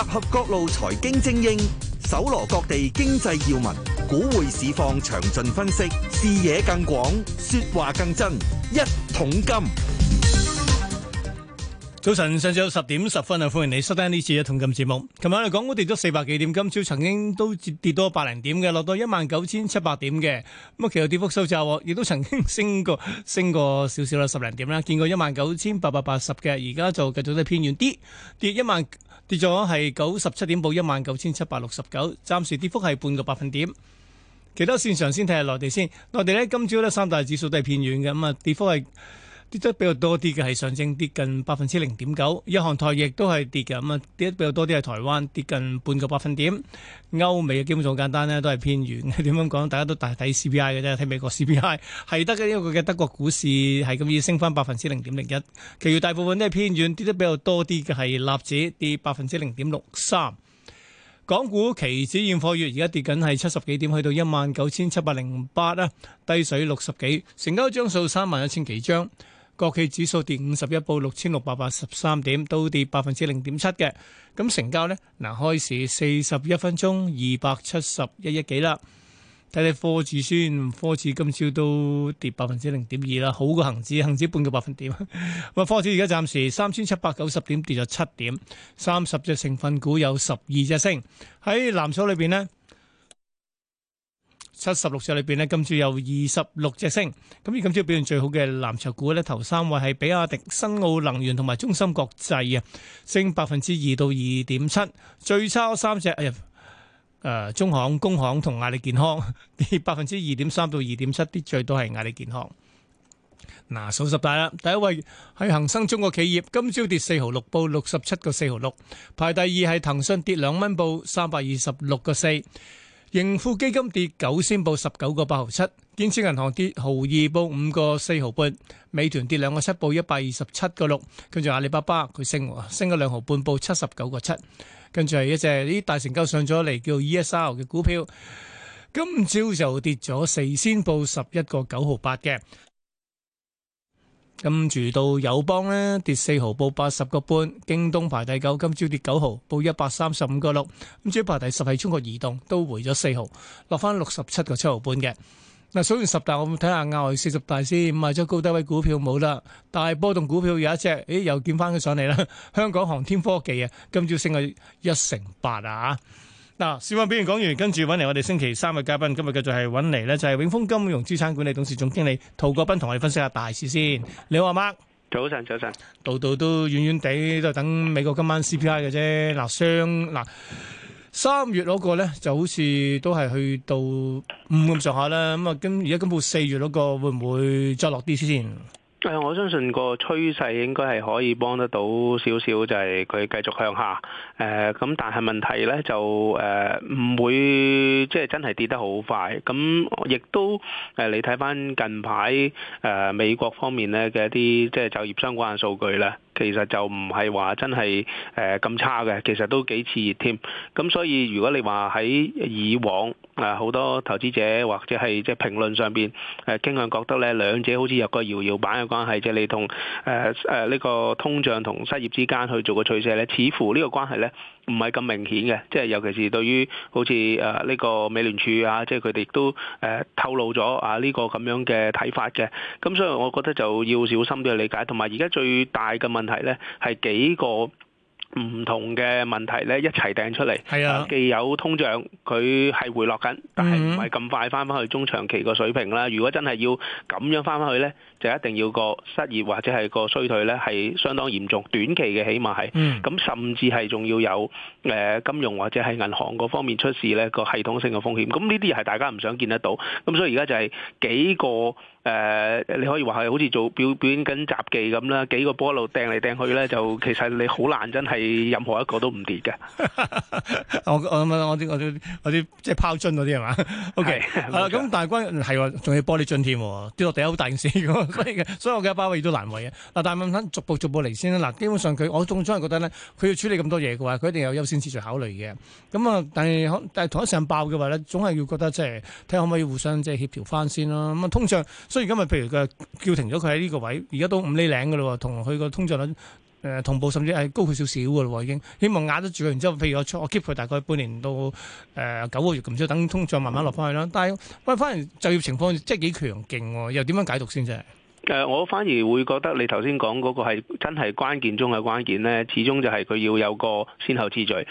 集合各路財經精英，搜羅各地經濟要聞，股匯市況詳盡分析，視野更廣，說話更真。一桶金早晨，上晝十點十分啊，歡迎你收聽呢次一桶金節目。琴晚嚟講，我哋跌咗四百幾點，今朝曾經都跌跌多百零點嘅，落到一萬九千七百點嘅。咁啊，其實跌幅收窄，亦都曾經升過升過少少啦，十零點啦，見過一萬九千八百八十嘅，而家就繼續都係偏遠啲跌一萬。跌咗係九十七點，報一萬九千七百六十九，暫時跌幅係半個百分點。其他線上先睇下內地先，內地呢，今朝呢，三大指數都係偏軟嘅，咁啊跌幅係，跌得比較多啲嘅係上證跌近百分之零點九，日韓台亦都係跌嘅，咁啊，跌得比較多啲係台灣跌近半個百分點。歐美嘅基本上好簡單呢都係偏軟。點樣講？大家都大睇 CPI 嘅啫，睇美國 CPI 係得嘅。因為佢嘅德國股市係咁意升翻百分之零點零一，其餘大部分都係偏軟，跌得比較多啲嘅係納指跌百分之零點六三。港股期指現貨月而家跌緊係七十幾點，去到一萬九千七百零八啦，低水六十幾，成交張數三萬一千幾張。國企指數，跌五十一，報六千六百八十三點，都跌百分之零點七嘅。咁成交呢？嗱，開市四十一分鐘二百七十一億幾啦。睇睇科指先，科指今朝都跌百分之零點二啦，好過恒指，恒指半個百分點。咁啊，科指而家暫時三千七百九十點，跌咗七點，三十隻成分股有十二隻升。喺藍籌裏邊呢。七十六隻裏邊咧，今朝有二十六隻升。咁而今朝表現最好嘅藍籌股咧，頭三位係比亞迪、新奧能源同埋中芯國際啊，升百分之二到二點七。最差嗰三隻誒，誒中行、工行同阿里健康，跌百分之二點三到二點七。跌最多係阿里健康。嗱，數十大啦，第一位係恒生中國企業，今朝跌四毫六，報六十七個四毫六。排第二係騰訊，跌兩蚊，報三百二十六個四。盈富基金跌九仙報十九個八毫七，建設銀行跌毫二報五個四毫半，美團跌兩個七報一百二十七個六，跟住阿里巴巴佢升，升咗兩毫半報七十九個七，跟住係一隻啲大成交上咗嚟叫 ESR 嘅股票，今朝就跌咗四仙報十一個九毫八嘅。跟住到友邦咧跌四毫報八十個半，京東排第九，今朝跌九毫報一百三十五個六，跟住排第十係中國移動都回咗四毫，落翻六十七個七毫半嘅。嗱，數完十大，我睇下亞外四十大先，賣咗高低位股票冇啦，但係波動股票有一隻，誒，又見翻佢上嚟啦，香港航天科技啊，今朝升咗一成八啊。嗱，小温篇講完，跟住揾嚟我哋星期三嘅嘉賓，今日繼續係揾嚟咧，就係永豐金融資產管理董事總經理涂國彬，同我哋分析下大市先。你好呀 Mark？早晨，早晨。度度都遠遠地都係等美國今晚 CPI 嘅啫。嗱，雙嗱三月嗰個咧就好似都係去到五咁上下啦。咁啊，咁而家今鋪四月嗰個會唔會再落啲先？誒，我相信個趨勢應該係可以幫得到少少，就係佢繼續向下。誒，咁但係問題咧就誒，唔會即係真係跌得好快。咁亦都誒，你睇翻近排誒美國方面咧嘅一啲即係就業相關嘅數據咧，其實就唔係話真係誒咁差嘅，其實都幾刺激添。咁所以如果你話喺以往，啊！好多投資者或者係即係評論上邊誒，傾向覺得咧，兩者好似有個搖搖板嘅關係，即係你同誒誒呢個通脹同失業之間去做個取捨咧，似乎呢個關係咧唔係咁明顯嘅，即係尤其是對於好似誒呢個美聯儲啊，即係佢哋亦都誒透露咗啊呢個咁樣嘅睇法嘅，咁所以我覺得就要小心嘅理解，同埋而家最大嘅問題咧係幾個。唔同嘅問題咧一齊掟出嚟，係呀，既有通脹，佢係回落緊，但係唔係咁快翻返去中長期個水平啦。如果真係要咁樣翻返去咧，就一定要個失業或者係個衰退咧係相當嚴重，短期嘅起碼係。咁甚至係仲要有誒金融或者係銀行嗰方面出事咧，個系統性嘅風險。咁呢啲係大家唔想見得到。咁所以而家就係幾個。誒、uh,，你可以話係好似做表表演緊雜技咁啦，幾個波路掟嚟掟去咧，就其實你好難真係任何一個都唔跌嘅。我我啲我啲啲即係拋樽嗰啲係嘛？O K。咁、 okay. uh, 啊、但係軍係喎，仲、啊、要玻璃樽添，跌落地好大件事 所，所以我嘅巴威都難為啊。嗱，但係慢慢逐步逐步嚟先啦。嗱，基本上佢我總總係覺得咧，佢要處理咁多嘢嘅話，佢一定有優先次序考慮嘅。咁啊，但係但係同一陣爆嘅話咧，總係要覺得即係睇下可唔可以互相即係協調翻先囉。咁啊，通常。所以今日譬如佢叫停咗，佢喺呢個位，而家都五厘零嘅咯，同佢個通脹率誒、呃、同步，甚至係高佢少少嘅咯，已經希望壓得住佢，然之後，譬如我我 keep 佢大概半年到誒、呃、九個月咁，即係等通脹慢慢落翻去啦。但係喂，反而就業情況即係幾強勁喎，又點樣解讀先啫？誒，我反而會覺得你頭先講嗰個係真係關鍵中嘅關鍵咧，始終就係佢要有個先後次序。咁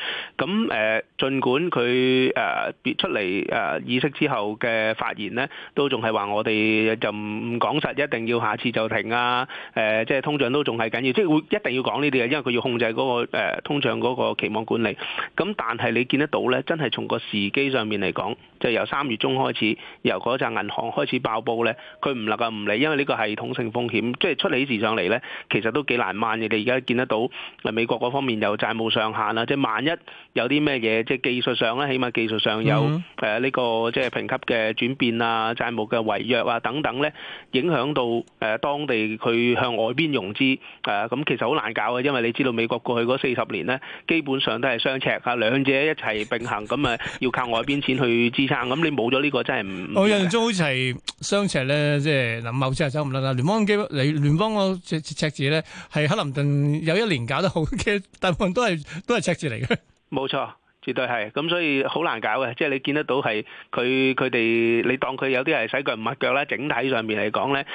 誒，儘管佢誒別出嚟誒意識之後嘅發言咧，都仲係話我哋就唔講實，一定要下次就停啊！誒，即係通脹都仲係緊要，即係會一定要講呢啲嘢，因為佢要控制嗰個誒通脹嗰個期望管理。咁但係你見得到咧，真係從個時機上面嚟講，就由三月中開始，由嗰紮銀行開始爆煲咧，佢唔能夠唔理，因為呢個系統性風險，即係出起事上嚟咧，其實都幾難免嘅。你而家見得到美國嗰方面有債務上限啦，即係萬一有啲咩嘢，即係技術上咧，起碼技術上有誒呢、mm -hmm. 呃這個即係評級嘅轉變啊，債務嘅違約啊等等咧，影響到誒、呃、當地佢向外邊融資誒，咁、呃、其實好難搞嘅，因為你知道美國過去嗰四十年咧，基本上都係雙赤啊，兩者一齊並行，咁 啊要靠外邊錢去支撐，咁你冇咗呢個真係唔。我印象中好似係雙赤咧，即係嗱，某隻係走唔甩。嗱，聯邦機，你聯聯邦嗰隻赤字咧，係克林頓有一年搞得好嘅，大部分都係都係赤字嚟嘅，冇錯。絕對係，咁所以好難搞嘅，即係你見得到係佢佢哋，你當佢有啲係洗腳唔抹腳啦。整體上面嚟講咧，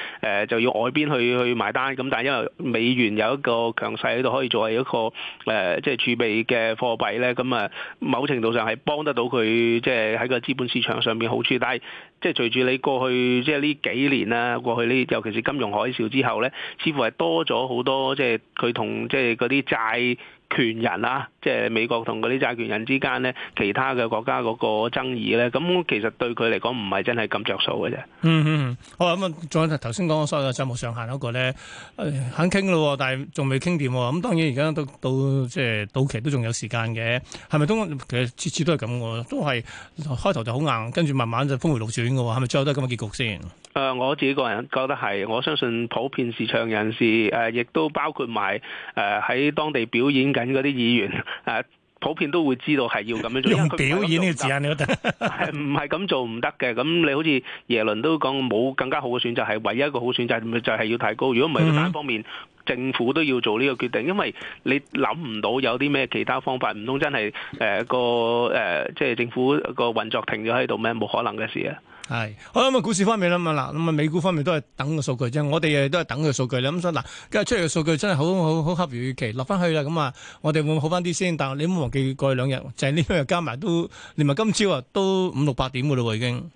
誒就要外邊去去埋單。咁但係因為美元有一個強勢喺度，可以作為一個誒即係儲備嘅貨幣咧，咁啊某程度上係幫得到佢即係喺個資本市場上面。好處。但係即係隨住你過去即係呢幾年啊，過去呢尤其是金融海嘯之後咧，似乎係多咗好多即係佢同即係嗰啲債權人啊。即係美國同嗰啲債權人之間咧，其他嘅國家嗰個爭議咧，咁其實對佢嚟講唔係真係咁着數嘅啫。嗯嗯，好咁啊，再頭先講咗所有嘅債務上限嗰個咧，肯傾咯，但係仲未傾掂。咁當然而家都到即係到期都仲有時間嘅。係咪都其實次次都係咁喎？都係開頭就好硬，跟住慢慢就峰回路轉嘅喎。係咪最後都係咁嘅結局先？誒，我自己個人覺得係，我相信普遍市場人士誒，亦、呃、都包括埋誒喺當地表演緊嗰啲議員。誒、啊、普遍都會知道係要咁樣做，用表演嘅字眼，你覺得係唔係咁做唔得嘅？咁 你好似耶倫都講冇更加好嘅選擇，係唯一一個好選擇，就係要提高。如果唔係單方面。嗯政府都要做呢個決定，因為你諗唔到有啲咩其他方法，唔通真係誒個誒，即係政府個運作停咗喺度咩？冇可能嘅事啊！係好啦，咁啊，股市方面啦咁啊，咁啊，美股方面都係等個數據啫。我哋誒都係等個數據啦。咁所以嗱，今日出嚟嘅數據真係好好好合預期，落翻去啦。咁啊，我哋會好翻啲先。但係你唔好忘記過去兩日，就係呢個加埋都連埋今朝啊，都五六百點嘅咯喎，已經。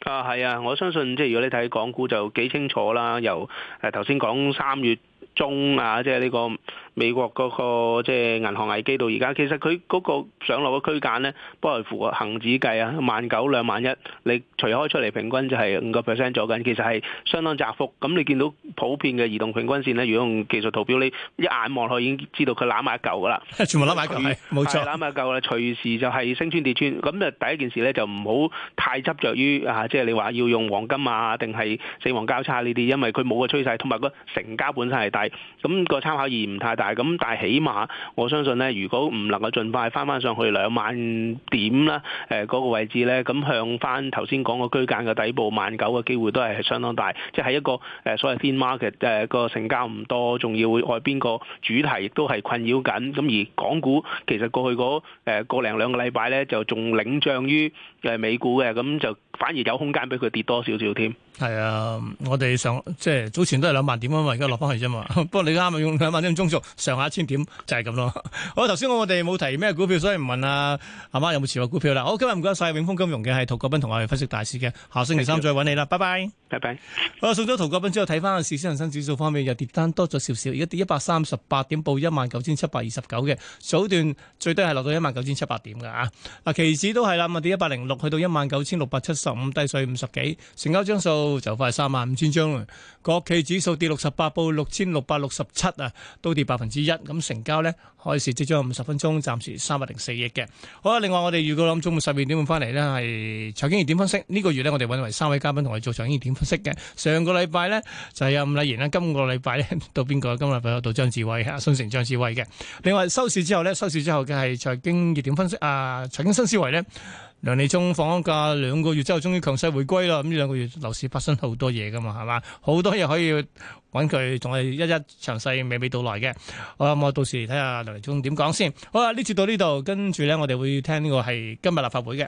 啊，係啊！我相信即係如果你睇港股就幾清楚啦。由誒頭先講三月。中啊，即係呢個美國嗰個即係銀行危機到而家，其實佢嗰個上落嘅區間咧，不外乎恒指計啊，萬九兩萬一，你除開出嚟平均就係五個 percent 左近，其實係相當窄幅。咁你見到普遍嘅移動平均線咧，如果用技術圖表，你一眼望落已經知道佢攬埋一嚿噶啦，全部攬埋一嚿，冇錯，攬埋一嚿啦。隨時就係升穿跌穿。咁啊，第一件事咧就唔好太執着於啊，即係你話要用黃金啊，定係死亡交叉呢啲，因為佢冇個趨勢，同埋個成交本身係大，咁個參考意義唔太大，咁但係起碼我相信咧，如果唔能夠盡快翻翻上去兩萬點啦，誒嗰個位置咧，咁向翻頭先講個區間嘅底部萬九嘅機會都係相當大，即係一個誒所謂天 market 誒個成交唔多，仲要外邊個主題都係困擾緊，咁而港股其實過去嗰誒個零兩個禮拜咧，就仲領漲於誒美股嘅，咁就。反而有空間俾佢跌多少少添。係啊，我哋上即係早前都係兩萬點啊嘛，而家落翻去啫嘛。不過你啱啊，用兩萬點鐘數上下一千點就係咁咯。好，頭先我哋冇提咩股票，所以唔問啊阿媽有冇持有股票啦。好，今日唔該晒永豐金融嘅係涂國彬同我哋分析大市嘅。下星期三再揾你啦，拜拜。拜拜。好，送咗涂國彬之後，睇翻個市，恒生指數方面又跌單多咗少少，而家跌一百三十八點，報一萬九千七百二十九嘅，早段最低係落到一萬九千七百點嘅啊。嗱，期指都係啦，咁啊跌一百零六，去到一萬九千六百七十。五低水五十幾，成交張數就快三萬五千張啦。國企指數跌六十八，報六千六百六十七啊，都跌百分之一。咁成交咧，開市即將五十分鐘，暫時三百零四億嘅。好啦，另外我哋預告諗中午十二點半翻嚟咧，係財經熱點分析。呢個月咧，我哋揾為三位嘉賓同我哋做財經熱點分析嘅。上個禮拜咧，就係阿伍麗賢啦，今個禮拜咧，到邊個？今個禮拜到張志偉啊，信誠張志偉嘅。另外收市之後咧，收市之後嘅係財經熱點分析啊，財經新思維咧。梁利忠放咗假兩個月之後，終於強勢回歸啦！咁呢兩個月樓市發生好多嘢噶嘛，係嘛？好多嘢可以揾佢，仲係一一詳細娓娓道來嘅。好、啊、啦，我到時嚟睇下梁利忠點講先。好啦，呢次到呢度，跟住咧，我哋會聽呢個係今日立法會嘅。